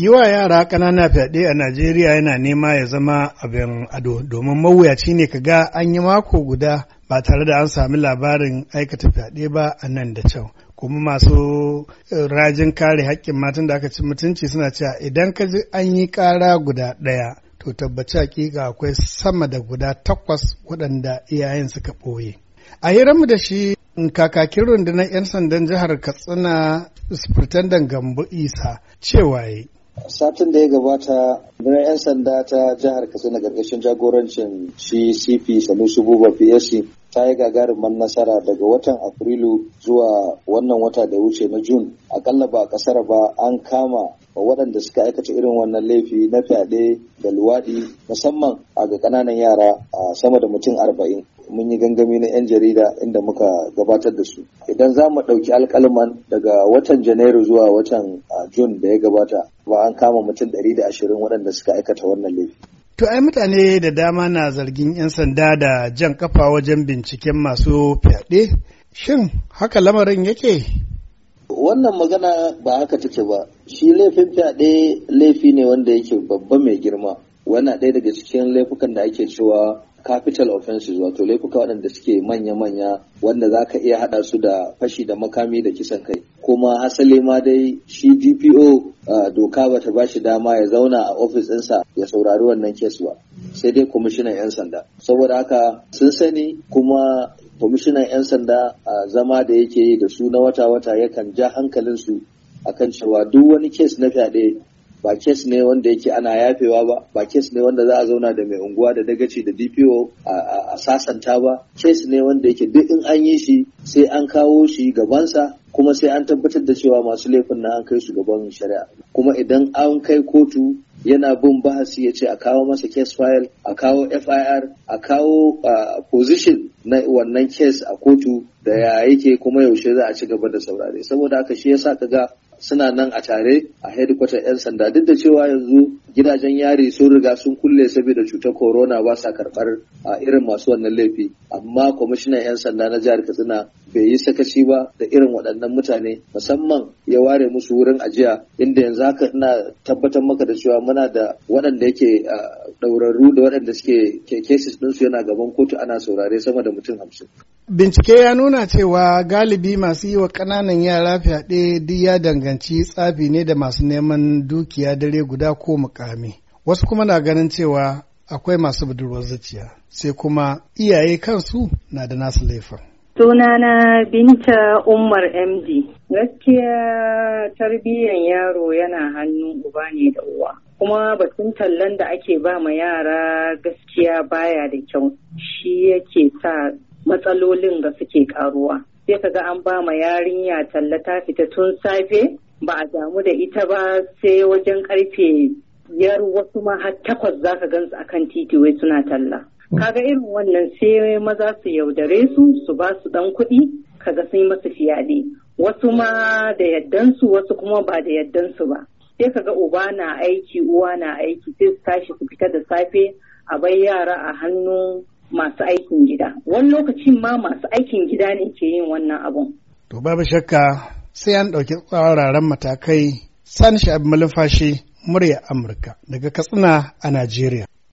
Yi wa yara ƙanana fyaɗe a Najeriya yana nema ya zama abin ado domin mawuyaci ne kaga an yi mako guda ba tare da an sami labarin aikata fyaɗe ba a nan da can. Kuma masu eh, rajin kare haƙƙin matan da aka ci mutunci suna cewa idan ka ji an yi ƙara guda ɗaya to tabbaci hakika akwai sama da guda takwas waɗanda iyayen suka ɓoye. A hiranmu da shi kakakin rundunar 'yan sandan jihar Katsina Spirtandan Gambo Isa cewa satin da ya gabata birnin 'yan sanda ta jihar katsina gargashin jagorancin ccp cp sanusi buba psc ta yi gagarumar nasara daga watan afrilu zuwa wannan wata da wuce na jun akalla ba kasar ba an kama wa waɗanda suka aikata irin wannan laifi na fyaɗe da luwaɗi musamman a ga ƙananan yara a sama da mutum arba'in mun yi gangami na 'yan jarida inda muka gabatar da su idan za mu ɗauki alkalman daga watan janairu zuwa watan jun da ya gabata ba an kama mutum 120 waɗanda suka aikata wannan laifi To ai mutane da dama na zargin 'yan sanda da jan kafa wajen binciken masu fyaɗe, shin haka lamarin yake? Wannan magana ba haka take ba, shi laifin fyaɗe laifi ne wanda yake babba mai girma, wannan ɗaya daga cikin laifukan da ake cewa capital offenses wato laifuka waɗanda suke manya-manya wanda za ka iya haɗa su da fashi da makami da kisan kai kuma hasali ma dai shi dpo doka ba ta bashi dama ya zauna a ofis ɗinsa ya saurari wannan kesuwa, sai dai kwamishinan 'yan sanda saboda haka sun sani kuma kwamishinan 'yan sanda a zama da yake da su na wata-wata yakan ja hankalinsu akan cewa duk wani kes na fyaɗe ba kes ne wanda yake ana yafewa ba ba kes ne wanda za a zauna da mai unguwa da dagaci da dpo a sasanta ba kes ne wanda yake duk in an yi shi sai an kawo shi gabansa kuma sai an tabbatar da cewa masu laifin na an kai su gaban shari'a kuma idan an kai kotu yana bin bahasi ya ce a kawo masa case file a kawo fir a kawo position na wannan case a kotu da ya yake kuma yaushe za a ci gaba da saurare saboda haka shi yasa ga. suna nan a tare a hedikwatar 'yan sanda duk da cewa yanzu gidajen yari sun riga sun kulle saboda cutar corona ba sa karɓar a irin masu wannan laifi amma kwamishinan 'yan sanda na jihar katsina bai yi sakaci ba da irin waɗannan mutane musamman ya ware musu wurin ajiya inda yanzu haka ina tabbatar maka da cewa muna da waɗanda yake ɗaurarru da waɗanda suke cases ɗinsu yana gaban kotu ana saurare sama da mutum hamsin. Bincike ya nuna cewa galibi masu yi wa ƙananan yara fyaɗe duk ya danganci tsafi ne da masu neman dukiya dare guda ko mukami. Wasu kuma na ganin cewa akwai masu budurwar zuciya, sai kuma iyaye kansu na da nasu laifin. Sunana Binta Umar MD. Gaskiya tarbiyyar yaro yana hannun uba ne da uwa. Kuma batun tallan da ake ba ma yara gaskiya baya da kyau. Shi yake sa matsalolin da suke karuwa. Sai ka ga an ba ma yarinya talla ta fita tun safe ba a damu da ita ba sai wajen karfe yar wasu ma har takwas za ka gansu akan titi wai suna talla. kaga irin wannan sai maza su yaudare su su ba su dan kuɗi kaga sai masu fiyade wasu ma da yaddansu wasu kuma ba da yaddan su ba sai kaga uba na aiki uwa na aiki sai su tashi su fita da safe a bai yara a hannu masu aikin gida wani lokacin ma masu aikin gida ne ke yin wannan abun to babu shakka sai an ɗauki tsararren matakai sani shi abin malumfashi murya amurka daga katsina a najeriya